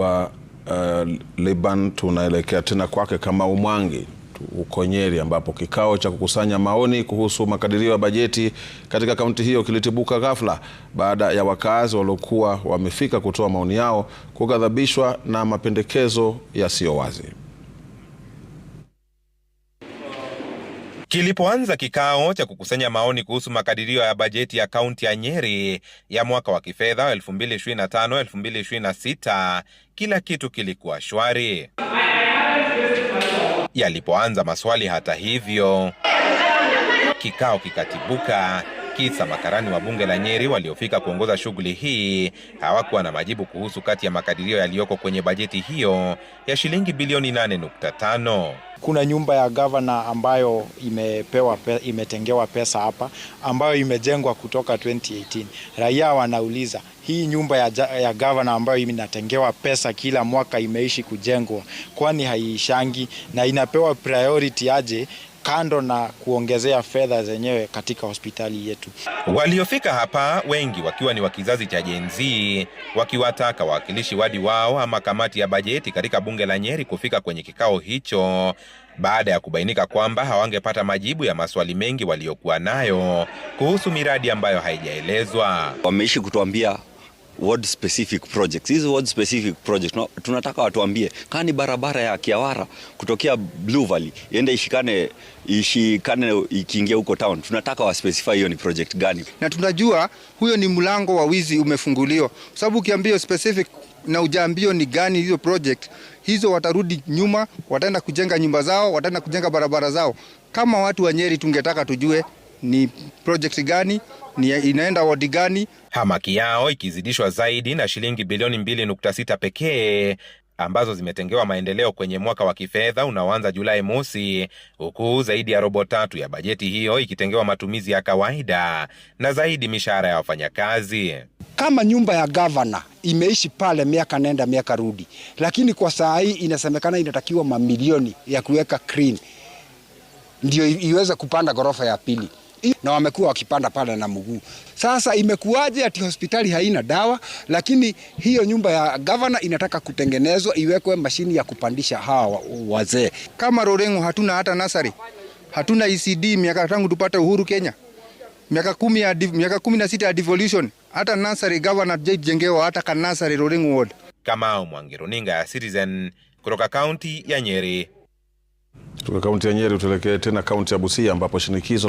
wa uh, eh, Liban tunaelekea tena kwake kama umwangi huko Nyeri ambapo kikao cha kukusanya maoni kuhusu makadirio ya bajeti katika kaunti hiyo kilitibuka ghafla baada ya wakazi waliokuwa wamefika kutoa maoni yao kughadhabishwa na mapendekezo yasiyo wazi. Kilipoanza kikao cha kukusanya maoni kuhusu makadirio ya bajeti ya kaunti ya Nyeri ya mwaka wa kifedha wa 2025-2026, kila kitu kilikuwa shwari. Yalipoanza maswali, hata hivyo, kikao kikatibuka. Kisa makarani wa bunge la Nyeri waliofika kuongoza shughuli hii hawakuwa na majibu kuhusu kati ya makadirio yaliyoko kwenye bajeti hiyo ya shilingi bilioni 8.5. Kuna nyumba ya gavana ambayo imepewa pe, imetengewa pesa hapa ambayo imejengwa kutoka 2018. Raia wanauliza hii nyumba ya, ya gavana ambayo inatengewa pesa kila mwaka imeishi kujengwa, kwani haishangi na inapewa priority aje kando na kuongezea fedha zenyewe katika hospitali yetu. Waliofika hapa wengi wakiwa ni wa kizazi cha Gen Z, wakiwataka wawakilishi wadi wao ama kamati ya bajeti katika bunge la Nyeri kufika kwenye kikao hicho baada ya kubainika kwamba hawangepata majibu ya maswali mengi waliokuwa nayo kuhusu miradi ambayo haijaelezwa. Wameishi kutuambia ward specific projects. Hizi ward specific projects, no, tunataka watuambie kani barabara ya Kiawara kutokea Blue Valley iende ishikane ishikane ikiingia huko town. Tunataka wa specify hiyo ni project gani, na tunajua huyo ni mlango wa wizi umefunguliwa, kwa sababu ukiambia specific na ujaambio ni gani hizo project hizo, watarudi nyuma, wataenda kujenga nyumba zao, wataenda kujenga barabara zao. Kama watu wa Nyeri tungetaka tujue ni project gani ni inaenda wadi gani. Hamaki yao ikizidishwa zaidi na shilingi bilioni 2.6 pekee ambazo zimetengewa maendeleo kwenye mwaka wa kifedha unaoanza Julai mosi, huku zaidi ya robo tatu ya bajeti hiyo ikitengewa matumizi ya kawaida na zaidi mishahara ya wafanyakazi. Kama nyumba ya gavana imeishi pale miaka nenda miaka rudi, lakini kwa saa hii inasemekana inatakiwa mamilioni ya kuweka ndio iweze kupanda ghorofa ya pili na wamekuwa wakipanda pale na mguu. Sasa imekuwaje ati hospitali haina dawa, lakini hiyo nyumba ya gavana inataka kutengenezwa iwekwe mashini ya kupandisha hawa wazee. Kama Rorengo hatuna hata nasari, hatuna ECD miaka tangu tupate uhuru Kenya, miaka kumi ya miaka kumi na sita ya devolution, hata nasari gavana jengewa hata kanasari Rorengo ward. Kamau Mwangi, runinga ya Citizen kutoka kaunti ya Nyeri. Kutoka kaunti ya Nyeri tuelekee tena kaunti ya Busia ambapo shinikizo la